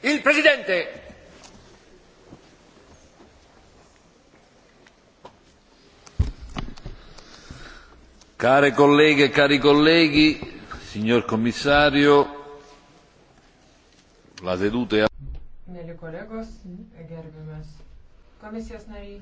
Il Presidente. Care colleghe e cari colleghi, signor Commissario, la seduta è. Mėly kolegos, gerbiamas komisijos nariai.